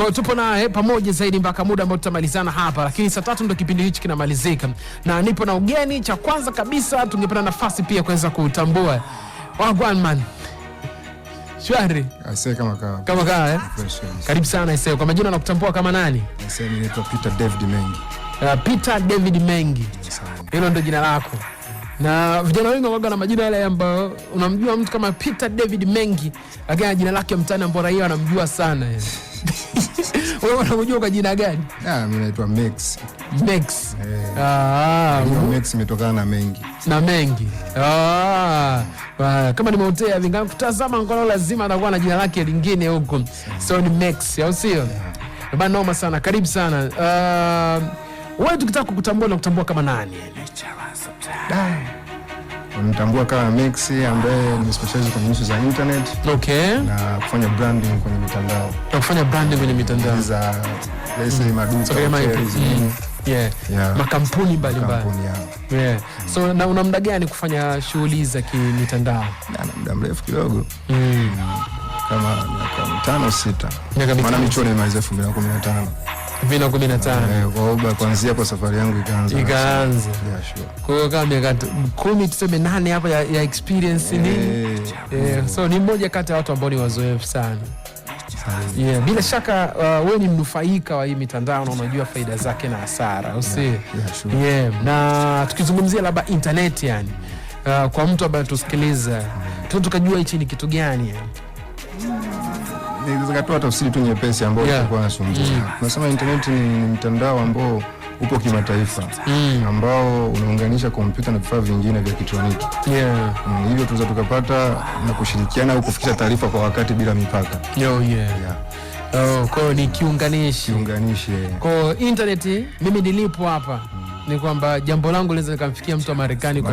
Kwa hiyo tupo naye pamoja zaidi mpaka muda ambao tutamalizana hapa, lakini saa tatu ndo kipindi hichi kinamalizika, na nipo na ugeni. Cha kwanza kabisa tungepata nafasi pia kuweza kutambua Wagwan man Shwari. Aisee, kama kawa. Kama kawa eh? Karibu sana aisee. Kwa majina nakutambua kama nani? Aisee, mimi naitwa Peter David Mengi. Uh, Peter David Mengi. Hilo ndio jina lako. Na vijana wengi wanakuwa na majina yale ambayo unamjua mtu kama Peter David Mengi, lakini jina lake mtaani ambao raia wanamjua sana. Wewe kwa jina gani? Ah, mimi naitwa Max. Max. Eh. Ah, Max imetokana na mengi. Na mengi. Ah. Kama nimeotea vingangu kutazama ngolo lazima atakuwa na jina lake lingine huko. So ni Max, au sio? Bana noma sana. Karibu sana. Ah, wewe tukitaka kukutambua na kutambua kama nani? Mtambua kama Mix ambaye ni specialist kwenye issues za internet. Okay. Na kufanya branding kwenye mitandao. Na kufanya branding kwenye mitandao za lesi mm. maduka. So okay, mm. Yeah. Yeah. Makampuni mbalimbali. Yeah. Yeah. So na una muda gani kufanya shughuli za kimitandao? Muda mrefu kidogo. Mm. Kama miaka mitano sita. Maana michuano imaliza 2015 elfu mbili na kumi na eh, kuanzia kwa safari yangu ikaanza ikaanza, yeah, sure. Kwa hiyo kama miaka kumi tuseme nane hapa ya, ya experience hey, nini yeah, eh, so ni mmoja kati ya watu ambao ni wazoefu sana Yeah, bila shaka uh, wewe ni mnufaika wa hii mitandao na unajua faida zake na hasara au si? Yeah, yeah, sure. Yeah, na tukizungumzia labda internet yani uh, kwa mtu ambaye tusikiliza mm. tu tukajua hichi ni kitu gani yani nikatoa tafsiri tu nyepesi ambayo mm. Nasema internet ni mtandao ambao upo kimataifa mm. ambao unaunganisha kompyuta na vifaa vingine vya kitroniki yeah. Mm, hivyo tunaweza tukapata na kushirikiana au kufikisha taarifa kwa wakati bila mipaka. Yo, oh, yeah. Yeah. Oh, kwa ni kiunganishi. Kiunganishi. Kwa internet mimi nilipo hapa mm. ni kwamba jambo langu linaweza likamfikia mtu wa Marekani kwa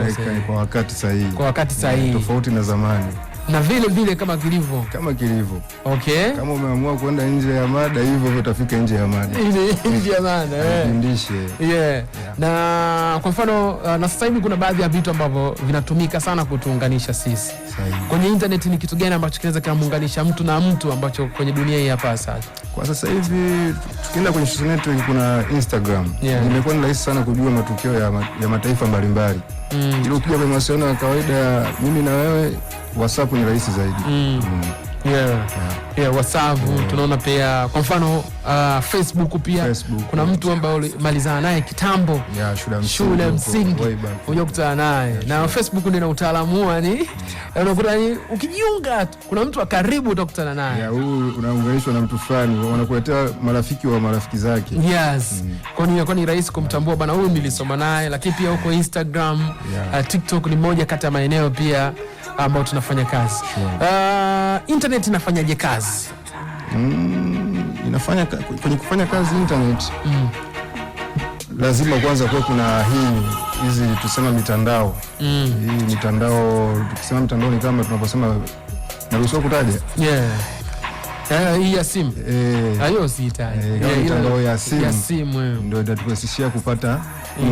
wakati sahihi. Kwa wakati sahihi. Tofauti na zamani na vile vile kama kilivyo kama kilivyo. Okay, kama umeamua kwenda nje ya mada hivyo hivyo utafika nje ya mada eh, nje ya mada eh. fundishe yeah. Yeah. Yeah. Na kwa mfano uh, na sasa hivi kuna baadhi ya vitu ambavyo vinatumika sana kutuunganisha sisi kwenye internet. Ni kitu gani ambacho kinaweza kumuunganisha mtu na mtu ambacho kwenye dunia hii hapa sasa kwa sasa hivi tukienda kwenye social network kuna Instagram yeah. Imekuwa ni rahisi sana kujua matukio ya, ma, ya mataifa mbalimbali mm. Ili ukija kwenye mawasiliano ya kawaida mimi na wewe WhatsApp ni rahisi zaidi mm. Mm yeah. yeah. yeah wasavu yeah. Tunaona pia kwa mfano uh, Facebook pia Facebook, kuna yeah. mtu ambaye ulimalizana naye kitambo yeah, shule ya msingi unajua kutana naye yeah, na Facebook ndio na utaalamu yani, yeah. unakuta ni ukijiunga tu kuna mtu wa akaribu utakutana naye yeah, huyu unaunganishwa na mtu fulani, wanakuletea marafiki wa marafiki zake yes mm. Kwa hiyo ni rahisi kumtambua yeah. bana, huyu nilisoma naye, lakini pia huko Instagram yeah. uh, TikTok ni moja kati ya maeneo pia ambayo tunafanya kazi sure. uh, internet internet inafanyaje kazi? Mm, inafanya kwenye kufanya kazi internet mm. Lazima kwanza kuwe kuna hii hizi tuseme mitandao mm. Hii mitandao tukisema mitandao ni kama tunaposema naruhusiwa kutaja yeah. Eh, hii ya simu. Eh. Ayo ah, sita. Eh, mitandao ya simu eh. ndio itaturahisishia kupata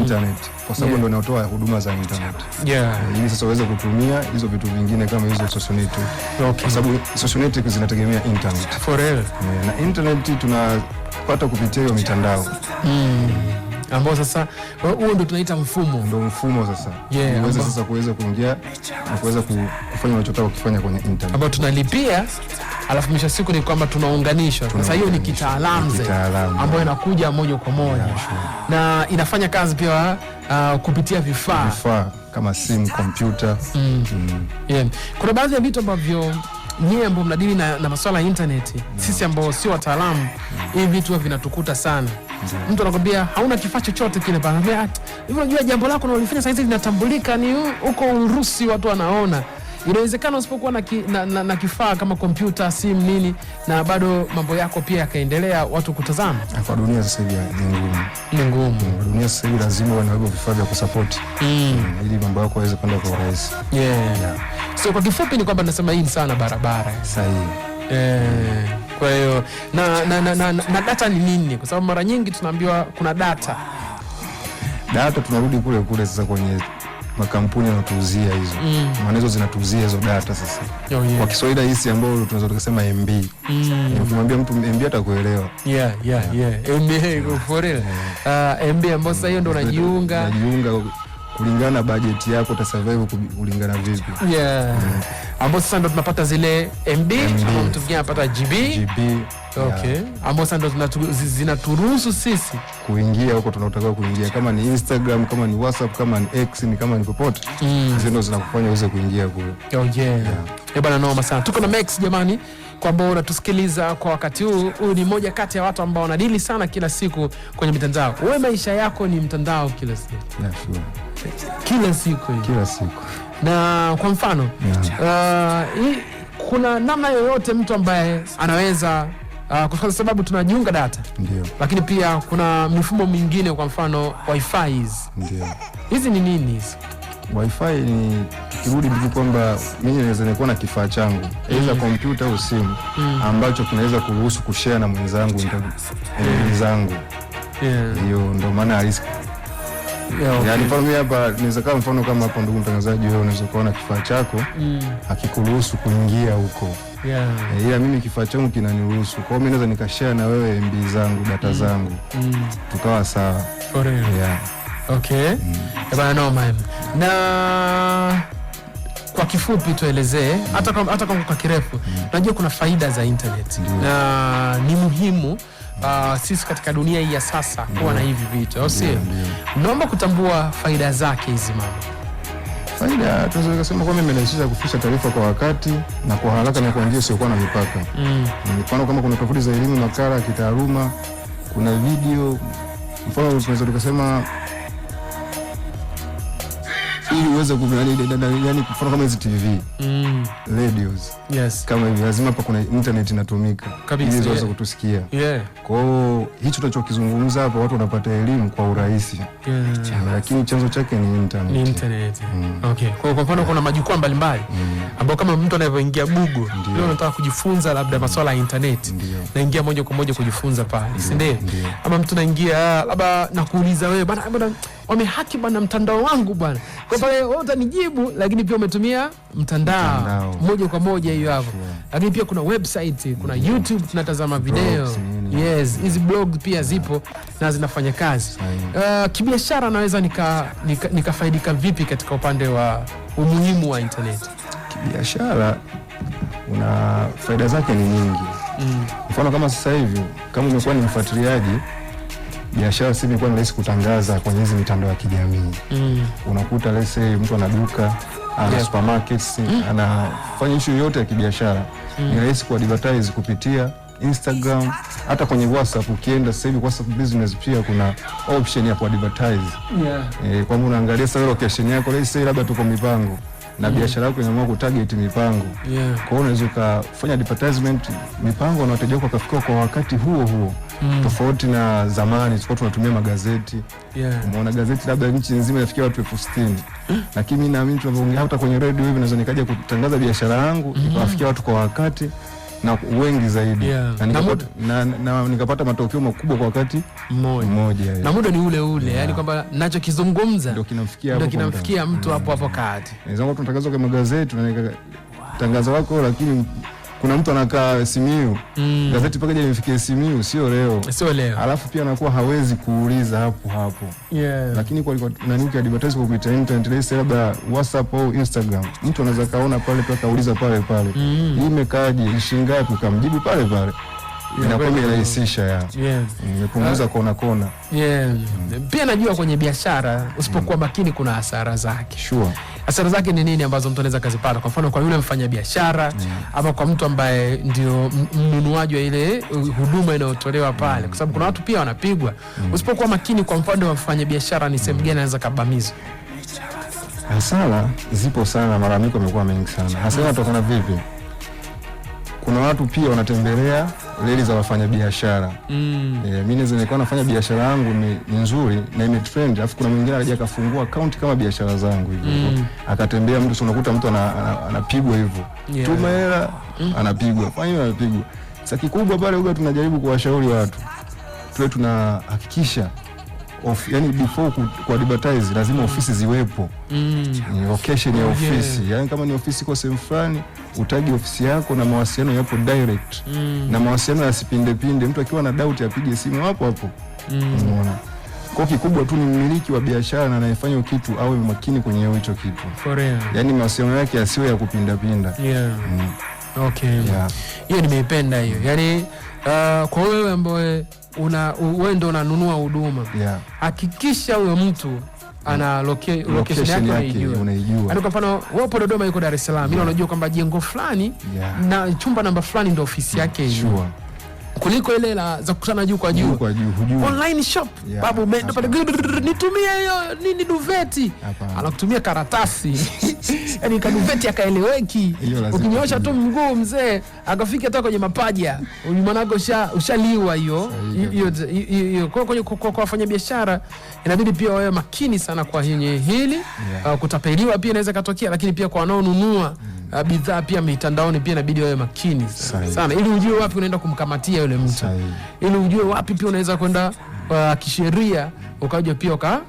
internet kwa sababu yeah, ndio inatoa huduma za internet yeah, ili sasa uweze kutumia hizo vitu vingine kama hizo social network okay, kwa sababu social network zinategemea internet for real yeah, na internet tunapata kupitia hiyo mitandao mm ambao sasa huo ndo tunaita mfumo, ndo mfumo sasa yeah, uweze sasa kuweza kuingia na kuweza kufanya unachotaka kufanya kwenye internet ambao tunalipia alafu mwisho siku ni kwamba tunaunganishwa. Sasa hiyo ni kitaalamu ambayo inakuja moja kwa moja na inafanya kazi pia uh, kupitia vifaa vifaa kama simu, kompyuta mm. mm. yeah. kuna baadhi ya vitu ambavyo nyie ambao mnadili na, na masuala ya intaneti no. Sisi ambao sio wataalamu hivi vitu vinatukuta sana Yeah. Mtu anakwambia hauna kifaa chochote kile, hivi unajua jambo lako na ulifanya saizi linatambulika, ni huko Urusi watu wanaona Inawezekana usipokuwa na, ki, na, na, na kifaa kama kompyuta, simu, nini na bado mambo yako pia yakaendelea watu kutazama. Kwa dunia sasa hivi ni ngumu. Ni ngumu. mm, Dunia sasa hivi lazima uwe na vifaa vya kusupport mm. Mm, ili mambo yako yaweze kwenda kwa urahisi. Yeah. Yeah. So kwa kifupi ni kwamba nasema hii ni sana barabara. Sahihi. Eh. Kwa hiyo na, na, na, na, na data ni nini? Kwa sababu mara nyingi tunaambiwa kuna data. Data tunarudi kule kule sasa kwenye makampuni yanatuuzia hizo mm. maana hizo zinatuuzia hizo data sasa. oh, yeah. kwa Kiswahili hisi ambayo tunaweza tukasema MB mm. mtu MB atakuelewa. yeah, yeah, yeah. MB ah, ambao sasa hiyo ndo unajiunga kulingana na bajeti yako utasurvive kulingana vipi? Yeah. Yeah. Ambapo sasa ndo tunapata zile MB, ambapo mtu mwingine anapata GB. GB. Okay. Yeah. Ambapo sasa ndo zinaturuhusu sisi kuingia huko tunataka kuingia, kama ni Instagram, kama ni WhatsApp, kama ni X, ni kama ni popote. Mm. Hizo ndo zinakufanya uweze kuingia kule. Oh yeah. Yeah. Eh, bana noma sana. Tuko na Max jamani kwamba unatusikiliza kwa wakati huu. Huyu ni mmoja kati ya watu ambao wanadili sana kila siku kwenye mitandao. Wewe maisha yako ni mtandao kila siku, kila siku, kila siku. Na kwa mfano yeah. uh, kuna namna yoyote mtu ambaye anaweza Uh, kwa sababu tunajiunga data ndiyo, lakini pia kuna mifumo mingine, kwa mfano wifi hizi. hizi ni nini hizi? Wi-Fi ni kirudi tu kwamba mimi naweza nikuwa na kifaa changu aidha mm. kompyuta au simu mm. ambacho kinaweza kuruhusu kushare na mwenzangu mwenzangu, hiyo ndo maana halisi. Hapa naweza kama mfano kama hapo, ndugu mtangazaji, wewe unaweza kuona kifaa chako mm. akikuruhusu kuingia huko Yeah. Eh, ila mimi kifaa changu kinaniruhusu, kwa hiyo mimi naweza nikashare na wewe MB zangu data mm. zangu mm. tukawa sawa. Okay. Mm. Bana noma. Na kwa kifupi tuelezee hata mm. hata kwa, kwa kirefu mm. Najua kuna faida za internet mm. na ni muhimu Uh, sisi katika dunia hii ya sasa mm. kuwa na hivi vitu au sio? Naomba kutambua faida zake hizi mama. Faida tunaweza kusema kwamba imerahisisha kufisha taarifa kwa wakati na kwa haraka na kwa njia isiyokuwa na mipaka. Mm. Mfano mm. kama kuna tofauti za elimu, makala kitaaluma, kuna video, mfano tunaweza tukasema ili uweze yani, kufuna kama hizi TV mm. radios yes. kama hivi lazima hapa kuna internet inatumika ili ziweze yeah. kutusikia yeah. Kwa hiyo hicho tunachokizungumza hapa watu wanapata elimu kwa urahisi yeah. lakini chanzo chake ni internet, ni internet. Mm. Okay. Kwa kwa mfano yeah. kuna majukwaa mbalimbali mm. ambao kama mtu anavyoingia Google leo anataka kujifunza labda masuala ya internet, naingia moja kwa moja kujifunza pale, si ndio? Ama mtu naingia ah, labda nakuuliza wewe bana wamehaki bwana mtandao wangu bwana, kwa pale wewe utanijibu, lakini pia umetumia mtandao, moja kwa moja hiyo hapo, lakini pia kuna website, kuna yeah, YouTube tunatazama video yes, hizi blog pia zipo na zinafanya kazi uh, kibiashara. Naweza nikafaidika nika, nika vipi katika upande wa umuhimu wa internet kibiashara? Una faida zake ni nyingi, mm. mfano mm. kama sasa hivi kama umekuwa ni mfuatiliaji biashara sasa imekuwa ni rahisi kutangaza kwenye hizi mitandao ya kijamii mm. Unakuta lese mtu ana duka ana yeah. supermarkets mm. anafanya ishu yoyote ya kibiashara mm. ni rahisi kuadvertise kupitia Instagram hata kwenye WhatsApp. Ukienda sasa hivi WhatsApp business pia kuna option ya kuadvertise yeah. E, eh, kwamba unaangalia sasa location yako lese labda tuko Mipango na biashara yako inaamua kutarget mipango yeah. kwa hiyo unaweza ukafanya advertisement mipango na wateja wako kafikia kwa wakati huo huo mm. tofauti na zamani tulikuwa tunatumia magazeti yeah. umeona gazeti labda nchi nzima inafikia watu elfu sitini lakini naamini tunavyoongea hata kwenye radio hivi naweza nikaja kutangaza biashara yangu mm. ikawafikia watu kwa wakati na wengi zaidi yeah. na, nikapata, na, na, na nikapata matokeo makubwa kwa wakati mmoja na muda ni ule ule yeah. Yani kwamba nachokizungumza ndio kinamfikia ndio kinamfikia mtu hapo mm. hapo kati. Wenzangu tunatangazwa kwa magazeti, tunaweka tangazo lako lakini kuna mtu anakaa Simiyu mm. gazeti paka limfikie Simiyu, sio leo, sio leo, alafu pia anakuwa hawezi kuuliza hapo hapo yeah. Lakini kwa nani advertise kwa kuita internet lesi, labda WhatsApp au Instagram, mtu anaweza kaona pale pale kauliza pale pale mm. imekaaje, ishi ngapi, kamjibu pale pale inakuwa imerahisisha, imepunguza kona kona. Mm. Pia najua kwenye biashara usipokuwa mm. makini kuna hasara zake. Sure. Hasara zake ni nini ambazo mtu anaweza kazipata? Kwa mfano kwa yule mfanya biashara yeah, mm. ama kwa mtu ambaye ndio mnunuaji wa ile uh, huduma inayotolewa pale mm. kwa sababu kuna watu pia wanapigwa mm. usipokuwa makini. Kwa mfano wa biashara ni sehemu gani anaweza kabamizwa? Hasara zipo sana, malalamiko yamekuwa mengi sana. Hasara inatokana vipi? Kuna watu pia wanatembelea reli za wafanyabiashara mm. E, mimi naweza nikawa nafanya biashara yangu ni ni nzuri na ime trend, alafu kuna mwingine alija akafungua akaunti kama biashara zangu hivyo mm. akatembea mtu, unakuta mtu anapigwa hivyo yeah. tuma hela mm. anapigwa, kwa nini anapigwa? Sasa kikubwa pale huwa tunajaribu kuwashauri watu tuwe tunahakikisha Of, yani before ku, ku advertise lazima mm. ofisi ziwepo mm. ni Location ya oh, ofisi yeah. Yani kama ni ofisi kwa sehemu fulani utaji ofisi yako na mawasiliano yapo direct mm. na mawasiliano yasipindepinde. Mtu akiwa na doubt apige simu hapo hapo mm. kwa kikubwa tu ni mmiliki wa biashara na anayefanya kitu awe makini kwenye hicho kitu yani mawasiliano yake yasiwe ya kupindapinda. yeah. mm. Okay, hiyo yeah. Nimeipenda hiyo yani. Uh, kwa wewe ambaye una wewe ndo unanunua huduma yeah. Hakikisha huyo mtu ana location location yake unaijua. Yaani kwa mfano wapo Dodoma, yuko Dar es Salaam, ila unajua kwamba jengo fulani na chumba namba fulani ndio ofisi yake hiyo kuliko ile la za kukutana juu kwa juu online shop babu, umeenda pale, nitumie hiyo nini duveti, anakutumia karatasi yani kaduveti akaeleweki, ukinyosha tu mguu mzee akafika hata kwenye mapaja, mwanako ushaliwa. Hiyo hiyo kwa kwa biashara inabidi pia wawe makini sana kwa hili, yeah. Uh, kutapeliwa pia inaweza katokea, lakini pia kwa wanaonunua mm. Ah, bidhaa pia mitandaoni pia inabidi wawe makini sana, sana, ili ujue wapi unaenda kumkamatia yule mtu Sahi. ili ujue wapi pia unaweza kwenda uh, kisheria ukaja pia uka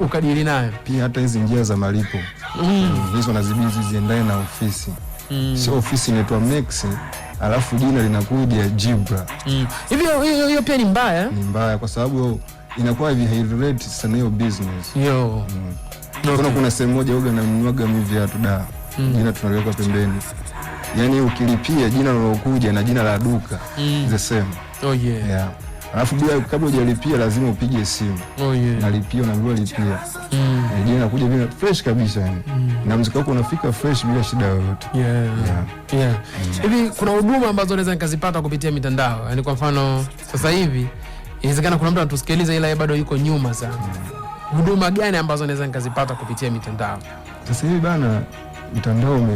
ukadili nayo pia. Hata hizi njia za malipo mm. eh, hizo nazibidi ziendane na ofisi mm. Sio ofisi inaitwa Mex alafu jina linakuja Jibra mm. hivyo mm. Hiyo pia ni mbaya, ni mbaya kwa sababu inakuwa hivi sana hiyo business yo mm. Okay. Kuna sehemu moja uga namnuaga mi viatu da mm. ila tunaliweka pembeni. Yani ukilipia jina linalokuja na jina la duka mm. the same. Oh yeah. Yeah. Alafu bila kabla hujalipia lazima upige simu. Oh yeah. Nalipia unaambiwa lipia. Mm. E, jina linakuja vile fresh kabisa yani. Mm. Na mziki wako unafika fresh bila shida yoyote. Yeah. Yeah. Yeah. Mm. Hivi mm. kuna huduma ambazo naweza nikazipata kupitia mitandao. yani kwa mfano sasa hivi inawezekana kuna mtu anatusikiliza ila yeye bado yuko nyuma sana. Mm. huduma Mm. gani ambazo naweza nikazipata kupitia mitandao? Sasa hivi bana mtandao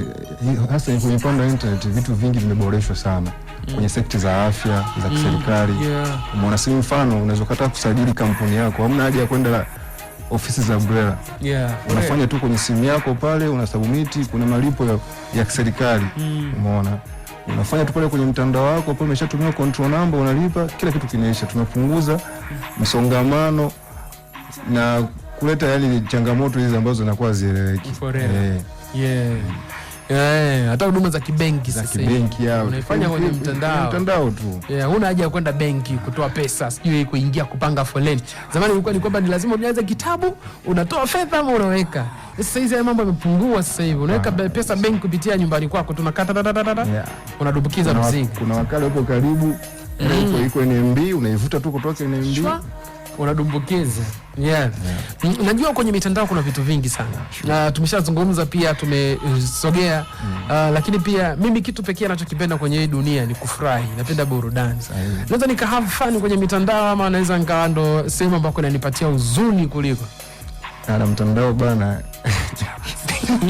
hasa kwenye upande wa internet vitu vingi vimeboreshwa sana mm. kwenye sekta za afya za mm. kiserikali mm, yeah. Umeona, si mfano unaweza ukataa kusajili kampuni yako, hamna haja ya kwenda ofisi za BRELA yeah. Unafanya tu kwenye simu yako pale, una unasubmiti, kuna malipo ya, ya kiserikali mm. Umeona, unafanya tu pale kwenye mtandao wako pale, umeshatumia control number, unalipa, kila kitu kinaisha. Tunapunguza msongamano na kuleta yani changamoto hizi ambazo zinakuwa zieleweki. eh yeah. Yeah, hata huduma za kibenki sasa kibenki yao kwenye mtandao mtandao tu. Yeah, huna haja ya kwenda benki kutoa pesa, sijui kuingia kupanga foleni. Zamani ilikuwa ni kwamba ni lazima ujaze kitabu, unatoa fedha ama unaweka. Sasa hizi mambo yamepungua, sasa hivi unaweka pesa benki kupitia nyumbani kwako, tunakata yeah. Unadumbukiza mzigo. Kuna wakala huko karibu, mm. Iko NMB unaivuta tu kutoka NMB. Shwa? unadumbukiza yeah. Yeah. Najua kwenye mitandao kuna vitu vingi sana sure. Uh, tumeshazungumza pia tumesogea mm. Uh, lakini pia mimi kitu pekee anachokipenda kwenye hii dunia ni kufurahi, napenda burudani Naweza nika have fun kwenye mitandao ama naweza nikawa ndo sehemu ambako inanipatia uzuni kuliko na mtandao bana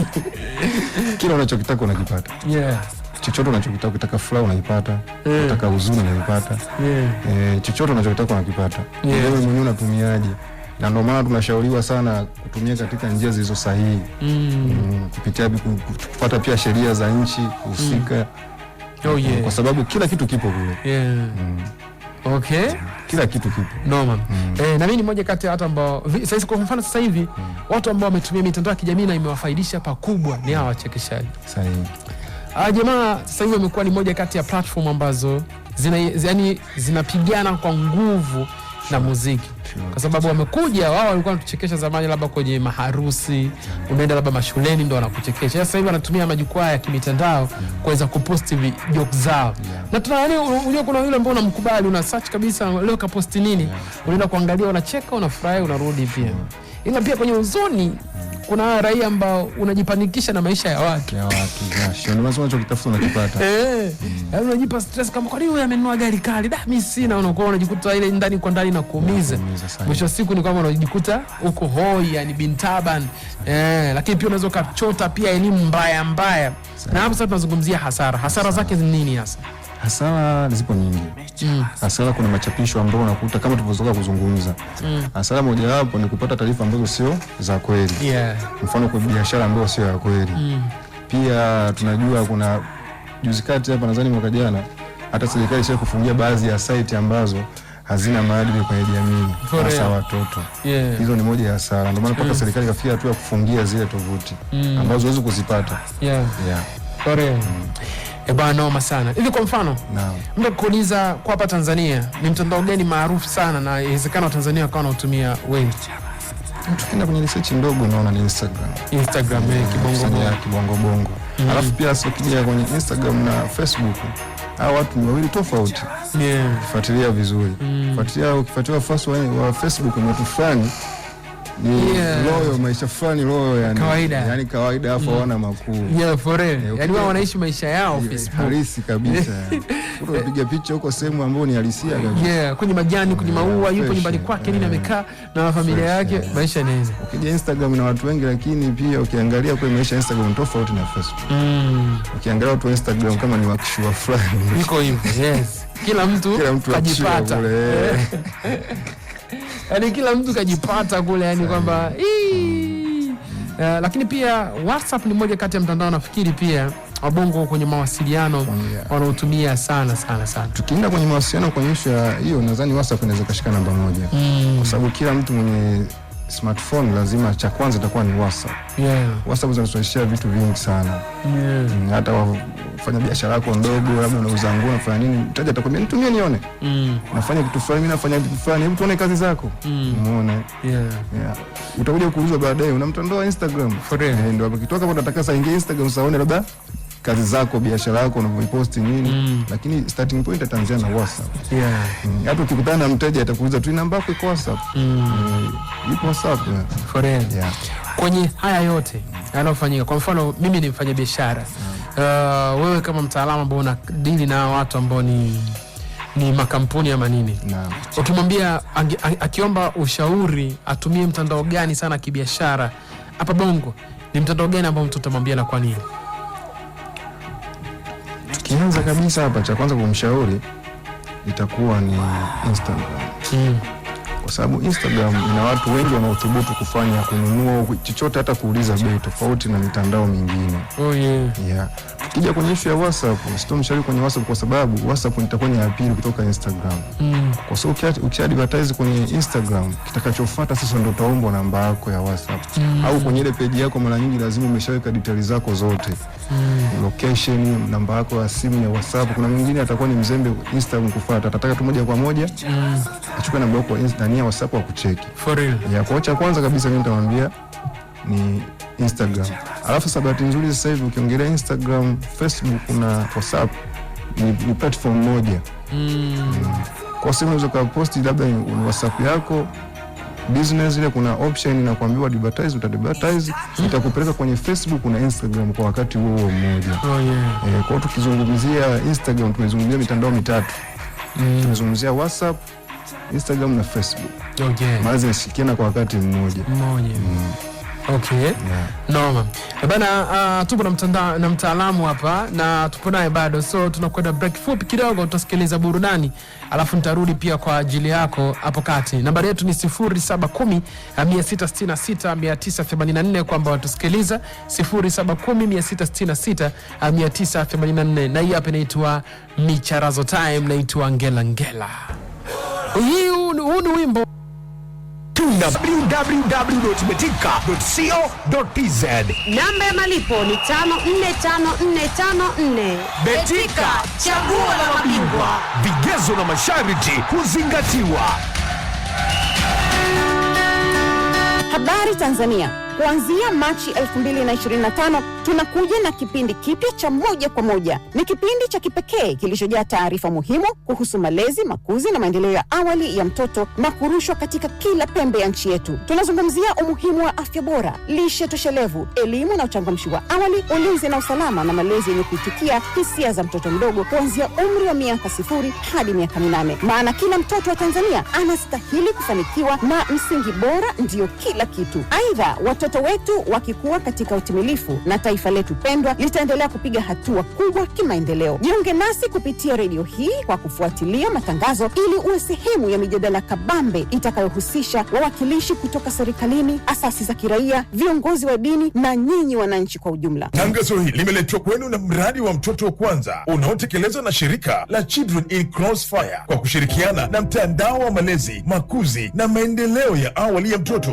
kila unachokitaka unakipata yeah chochote unachokitaka, ukitaka furaha unaipata, eh. unataka huzuni unaipata, eh, chochote unachokitaka unakipata. Wewe mwenyewe unatumiaje? na ndio maana tunashauriwa sana kutumia katika njia zilizo sahihi mm. mm, kupitia kufuata pia sheria za nchi husika mm. oh, mm, yeah. kwa sababu kila kitu kipo kule yeah. mm. Okay, kila kitu kipo noma mm. Eh, na mimi ni mmoja kati ya watu ambao sasa, kwa mfano sasa hivi mm. watu ambao wametumia mitandao ya kijamii na imewafaidisha pakubwa ni hawa wachekeshaji sahihi. Ah, jamaa sasa hivi imekuwa ni moja kati ya platform ambazo zina, yani zinapigana kwa nguvu na muziki kwa sababu wamekuja wao, walikuwa wanatuchekesha zamani, labda kwenye maharusi, unaenda labda mashuleni ndo wanakuchekesha. Sasa hivi wanatumia majukwaa ya kimitandao kuweza kuposti jokes zao, na tunajua kuna yule ambao unamkubali, una search kabisa, leo kaposti nini, unaenda kuangalia, unacheka, unafurahi, unarudi pia. Ila pia kwenye uzoni kuna raia ambao unajipanikisha na maisha ya watu ya watu, Eh, mm. yaani unajipa stress kama kwa nini huyu amenunua gari kali, da mimi sina, unakuwa unajikuta ile ndani kwa ndani na kuumiza. Mwisho wa siku ni kama unajikuta uko hoi, yani bintaban eh, lakini pia unaweza ukachota pia elimu mbaya mbaya, na hapo sasa tunazungumzia hasara. Hasara zake ni nini hasa? Hasara zipo nyingi. mm. Hasara kuna machapisho ambayo unakuta kama tulivyozoea kuzungumza. mm. Hasara mojawapo ni kupata taarifa ambazo sio za kweli. Yeah. Mfano kwa biashara ambayo sio ya kweli. Mm. Pia tunajua kuna juzi kati hapa nadhani mwaka jana hata serikali sio kufungia baadhi ya site ambazo hazina maadili kwenye jamii hasa watoto. Yeah. Hizo ni moja ya hasara. Ndio maana mpaka mm. serikali kafikia hatua ya kufungia zile tovuti mm. ambazo huwezi kuzipata. Yeah. Yeah. Mm. E bwana, noma sana hivi. Kwa mfano no. mtu akikuuliza kwa hapa Tanzania ni mtandao gani maarufu sana na inawezekana Watanzania wakawa wanaotumia wengi, tukienda kwenye research ndogo unaona ni Instagram. Instagram ya eh, kibongo kibongo bongo, mm. alafu pia ukija kwenye Instagram na Facebook hawa watu ni wawili tofauti yeah. Fuatilia vizuri mm. Fuatilia ukifuatilia wa Facebook ni watu fulani ni Loyo maisha fulani loyo yani, kawaida yani kawaida afu mm. wana makuu yeah, for real eh, yani wao wanaishi maisha yao yeah, halisi kabisa unapiga picha huko sehemu ambayo ni halisia kabisa yeah, kwenye majani kwenye maua yupo nyumbani kwake nini eh. amekaa na familia yake yeah. maisha ni Ukija Instagram na watu wengi, lakini pia ukiangalia kwa maisha Instagram tofauti na Facebook mm. ukiangalia watu Instagram kama ni wakishua fulani iko hivyo yes, kila mtu kila mtu kajipata yani kila mtu kajipata kule, yani kwamba Uh, lakini pia WhatsApp ni moja kati ya mtandao nafikiri pia wabongo kwenye mawasiliano wanaotumia sana sana sana. Tukienda kwenye mawasiliano kwenye ishu ya hiyo, nadhani WhatsApp inaweza kashika namba moja, mm. kwa sababu kila mtu mwenye smartphone lazima cha kwanza itakuwa ni WhatsApp. Yeah. WhatsApp zinasuluhishia vitu vingi sana. Yeah. Mm, Hata wafanya biashara yako ndogo, labda unauza nguo, unafanya nini, mteja atakwambia nitumie nione. Mm. Nafanya kitu fulani, mimi nafanya kitu fulani, hebu tuone kazi zako. Mm. Muone. Yeah. Yeah. Utakuja kuulizwa baadaye, una mtandao wa Instagram. Eh, ndio, hapo akitoka hapo atakasa ingia Instagram saone labda kazi zako, biashara yako unavyoiposti nini mm. Lakini starting point ataanzia na WhatsApp yeah. Mm, hata Mm. ukikutana na mteja atakuuliza tu namba yako iko WhatsApp mm. mm. ipo WhatsApp eh. for real yeah. Kwenye haya yote yanayofanyika, kwa mfano mimi ni mfanya biashara yeah. Uh, wewe kama mtaalamu ambao una deal na watu ambao ni ni makampuni ama nini, ukimwambia akiomba ushauri atumie mtandao gani sana kibiashara hapa Bongo, ni mtandao gani ambao mtu utamwambia na kwa nini? kwanza kabisa hapa cha kwanza kumshauri itakuwa ni Instagram mm. Kwa sababu Instagram ina watu wengi wanaothubutu kufanya kununua chochote, hata kuuliza bei tofauti na mitandao mingine. Oh, yeah. Yeah. Kija kwenye issue ya WhatsApp, mshauri kwenye WhatsApp kwa sababu WhatsApp nitakuwa ni ya pili kutoka Instagram. Mm. Kwa sababu so, ukia advertise kwenye Instagram, kitakachofuata sasa ndio utaomba namba yako ya WhatsApp. Mm. Au kwenye ile page yako mara nyingi lazima umeshaweka details zako zote. Mm. Location, namba yako ya simu ya WhatsApp. Kuna mwingine atakuwa ni mzembe Instagram kufuata, atataka tu moja kwa moja. Mm. Achukue namba yako ya Instagram ya WhatsApp akucheki. For real. Ya kocha kwanza kabisa mimi nitamwambia ni Instagram. Alafu sasa bahati nzuri sasa hivi ukiongelea Instagram, Facebook na WhatsApp ni, ni platform moja mm. Mm. Kwa sababu unaweza kuposti labda ni WhatsApp yako business ile, kuna option na kuambiwa advertise, uta advertise itakupeleka kwenye Facebook na Instagram kwa wakati huo huo mmoja. Oh, yeah. E, kwa tukizungumzia Instagram tumezungumzia mitandao mitatu mm. Tumezungumzia WhatsApp, Instagram na Facebook. Okay. Oh, Maana zinashirikiana kwa wakati mmoja mmoja mm. Okay. Yeah. Noma. Eh, bana uh, tupo na mtanda, na mtaalamu hapa na tupo naye bado, so tunakwenda break fupi kidogo, tutasikiliza burudani alafu nitarudi pia kwa ajili yako hapo kati. Nambari yetu ni 0710 666 kwamba watusikiliza 0710 na hii hapa inaitwa Micharazo Time, naitwa Ngela Ngela. Huu ni wimbo www.betika.co.tz. Namba ya malipo ni 545444. Betika, chaguo la mabingwa. Vigezo na masharti kuzingatiwa. Habari Tanzania. Kuanzia Machi 2025 tunakuja na kipindi kipya cha moja kwa moja. Ni kipindi cha kipekee kilichojaa taarifa muhimu kuhusu malezi, makuzi na maendeleo ya awali ya mtoto na kurushwa katika kila pembe ya nchi yetu. Tunazungumzia umuhimu wa afya bora, lishe toshelevu, elimu na uchangamshi wa awali, ulinzi na usalama, na malezi yenye kuitikia hisia za mtoto mdogo kuanzia umri wa miaka sifuri hadi miaka minane, maana kila mtoto wa Tanzania anastahili kufanikiwa na msingi bora ndiyo kila kitu. Aidha, watoto Watoto wetu wakikuwa katika utimilifu na taifa letu pendwa litaendelea kupiga hatua kubwa kimaendeleo. Jiunge nasi kupitia redio hii kwa kufuatilia matangazo, ili uwe sehemu ya mijadala kabambe itakayohusisha wawakilishi kutoka serikalini, asasi za kiraia, viongozi wa dini na nyinyi wananchi kwa ujumla. Tangazo hili limeletwa kwenu na mradi wa mtoto wa kwanza unaotekelezwa na shirika la Children in Crossfire kwa kushirikiana na mtandao wa malezi, makuzi na maendeleo ya awali ya mtoto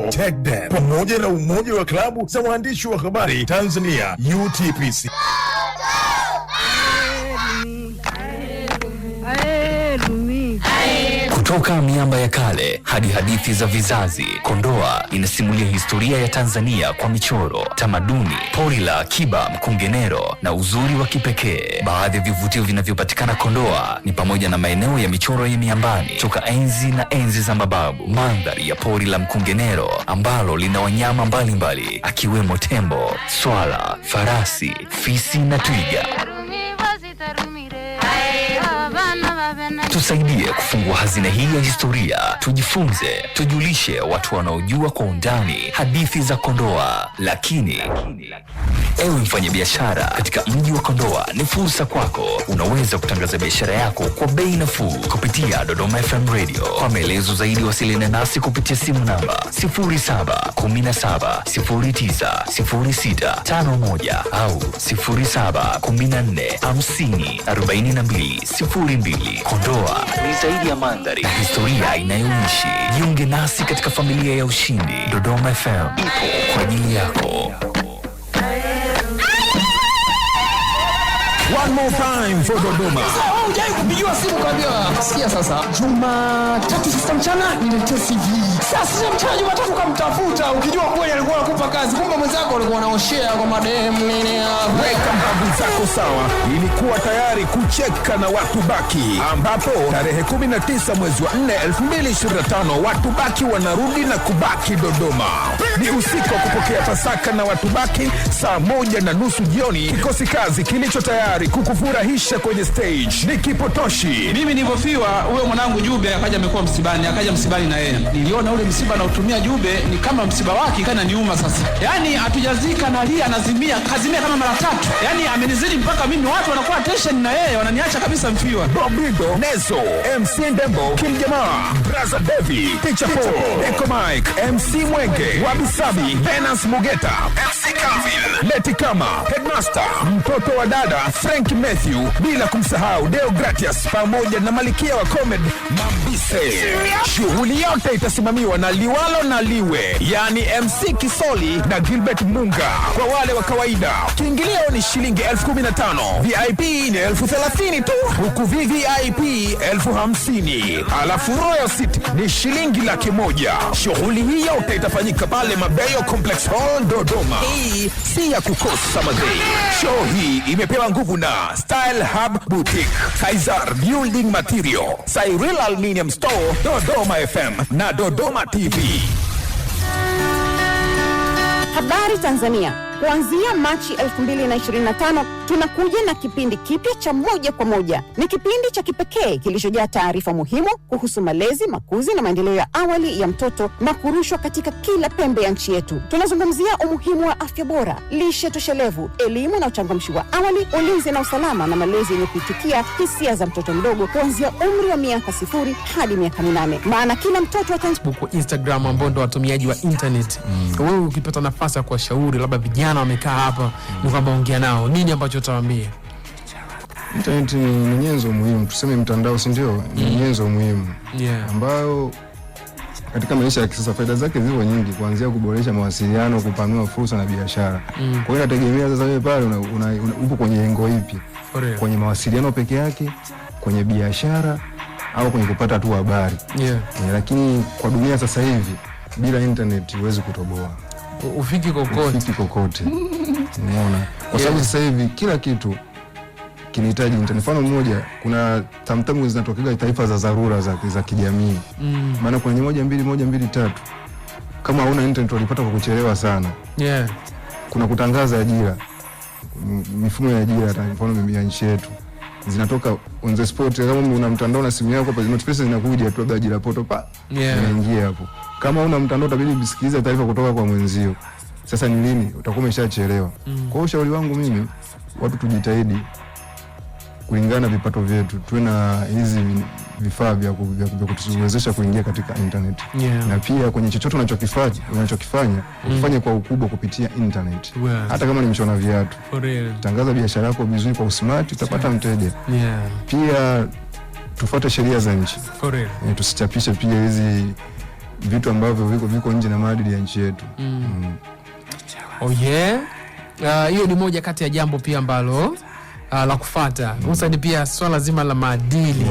pamoja na umoja umoja wa klabu za waandishi wa habari Tanzania UTPC. Kutoka miamba ya kale hadi hadithi za vizazi, Kondoa inasimulia historia ya Tanzania kwa michoro, tamaduni, pori la akiba, mkungenero na uzuri wa kipekee. Baadhi ya vivutio vinavyopatikana Kondoa ni pamoja na maeneo ya michoro ya miambani toka enzi na enzi za mababu, mandhari ya pori la mkungenero ambalo lina wanyama mbalimbali akiwemo tembo, swala, farasi, fisi na twiga. Tusaidie kufungua hazina hii ya historia, tujifunze, tujulishe watu wanaojua kwa undani hadithi za Kondoa. Lakini ewe mfanyabiashara katika mji wa Kondoa, ni fursa kwako. Unaweza kutangaza biashara yako kwa bei nafuu kupitia Dodoma FM Radio. Kwa maelezo zaidi, wasiliana nasi kupitia simu namba 0717090651 au 0714504202 Kondoa hewa ni zaidi ya mandhari, historia inayoishi. Jiunge nasi katika familia ya ushindi. Dodoma FM ipo kwa ajili yako. One more time for Dodoma. Weka mbavu zako sawa. Ilikuwa tayari kucheka na watu baki ambapo tarehe 19 mwezi wa 4 2025 watu baki wanarudi na kubaki Dodoma. Ni usiku wa kupokea Pasaka na watu baki saa moja na nusu jioni kikosi kazi kilicho tayari kukufurahisha kwenye stage. Ni kipotoshi. Mimi nilivyofiwa, huyo mwanangu Jube akaja amekuwa msibani, akaja msibani na yeye. Niliona ule msiba nautumia Jube ni kama msiba wake, kana niuma sasa. Yaani na lia anazimia, kazimia kama mara tatu. Yaani amenizidi mpaka mimi, watu wanakuwa tension na yeye, wananiacha kabisa mfiwa. Bobido, Nezo, MC Ndembo, Kim Jamaa, Brother Devi, Teacher Paul, Echo Mike, MC Mwenge, Wabisabi, Venance Mugeta, MC Calvin, Leti Kama, Headmaster, mtoto wa dada Frank Mike Matthew, bila kumsahau Deo Gratias pamoja na malikia wa Comed Mambise. Shughuli yote itasimamiwa na Liwalo na Liwe, yani MC Kisoli na Gilbert Munga. Kwa wale wa kawaida, kiingilio ni shilingi elfu kumi na tano VIP ni elfu thelathini tu, huku VVIP elfu hamsini alafu Royal Seat ni shilingi laki moja. Shughuli hii yote itafanyika pale Mabeyo Complex Hall, Dodoma. Hii si ya kukosa madhei. Show hii imepewa nguvu na Style Hub Boutique, Kaiser Building Material, Cyril Aluminium Store, Dodoma FM na Dodoma TV. Habari Tanzania. Kuanzia Machi 2025 tunakuja na kipindi kipya cha moja kwa moja. Ni kipindi cha kipekee kilichojaa taarifa muhimu kuhusu malezi, makuzi na maendeleo ya awali ya mtoto na kurushwa katika kila pembe ya nchi yetu. Tunazungumzia umuhimu wa afya bora, lishe toshelevu, elimu na uchangamshi wa awali, ulinzi na usalama, na malezi yenye kuitikia hisia za mtoto mdogo kuanzia umri wa miaka sifuri hadi miaka minane. Maana kila mtoto wa Instagram ambao ndo watumiaji wa internet, mm. wewe ukipata nafasi ya kuwashauri labda vijana vijana wamekaa hapa ni kwamba ongea nao, nini ambacho utawaambia? Internet ni nyenzo muhimu, tuseme mtandao, si ndio? Ni mm. nyenzo muhimu yeah. ambayo katika maisha ya kisasa faida zake zipo nyingi, kuanzia kuboresha mawasiliano, kupanua fursa na biashara mm. kwa hiyo inategemea sasa wewe pale una, una, una, upo kwenye lengo ipi, kwenye mawasiliano peke yake, kwenye biashara au kwenye kupata tu habari yeah. Eh, lakini kwa dunia sasa hivi bila internet huwezi kutoboa ufiki kokote, ufiki kokote. Umeona, kwa sababu sasa hivi kila kitu kinahitaji internet. Mfano mmoja, kuna tamtamu zinatokea taifa za dharura za, za kijamii mm. maana mm. kuna moja mbili moja mbili tatu, kama hauna internet walipata kwa kuchelewa sana yeah. Kuna kutangaza ajira, mifumo ya ajira hata mfano ya nchi yetu zinatoka on the spot, kama una mtandao na simu yako hapa, zinakuja tu, ajira poto pa yeah. inaingia yeah. hapo kama una mtandao utabidi usikilize taarifa kutoka kwa mwenzio. Sasa ni lini utakuwa umeshachelewa. Mm. Kwa ushauri wangu mimi, watu tujitahidi kulingana na vipato vyetu, tuwe na hizi vifaa vya kutuwezesha kuingia katika internet. Yeah. Na pia kwenye chochote unachokifanya unachokifanya mm. ufanye kwa ukubwa kupitia internet. Well. Hata kama ni mshona viatu. Tangaza biashara yako vizuri kwa usmart, utapata mteja. Yeah. Pia tufuate sheria za nchi. E, tusichapishe pia hizi vitu ambavyo viko, viko nje na maadili ya nchi yetu mm. Mm. Oh yeah. Ah, hiyo uh, ni moja kati ya jambo pia ambalo Uh, la kufata mm. Usa ni Pia swala zima la maadili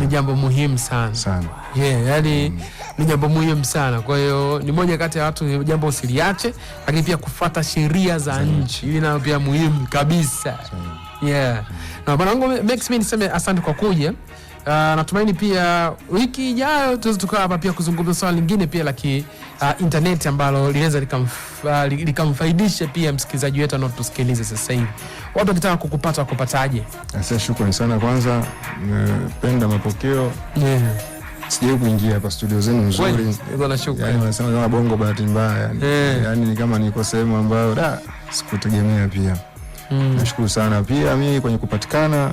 ni jambo muhimu sana, sana. Yeah, yani mm. Ni jambo muhimu sana, kwa hiyo ni moja kati ya watu jambo usiliache, lakini pia kufata sheria za nchi ili nayo pia muhimu kabisa yeah. mm. Na bwana wangu Max, mimi niseme asante kwa kuja Uh, natumaini pia wiki ijayo tuweze tukawa hapa pia kuzungumza swala lingine pia la ki uh, ambalo linaweza ah, likamfaidisha uh, pia msikilizaji wetu anaotusikiliza sasa hivi. Watu wakitaka kukupata wakupataje? Sasa shukrani sana kwanza, napenda mapokeo yeah. Sijai kuingia hapa studio zenu nzurinasema yaani, kama bongo bahati mbaya yani. Yeah. Yani ni kama niko sehemu ambayo da sikutegemea pia mm. Nashukuru sana pia mi kwenye kupatikana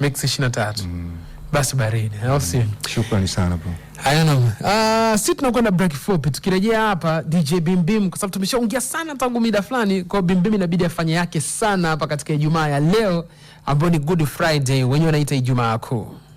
mix ishirini mm. Basi baridi au mm. si? Shukrani sana bro. Hayana. Uh, ah, si tunakwenda break fupi, tukirejea hapa DJ Bimbim, kwa sababu tumeshaongea sana tangu mida fulani, kwao Bimbim inabidi afanye yake sana hapa katika Ijumaa ya leo ambayo ni Good Friday, wenyewe wanaita Ijumaa Kuu.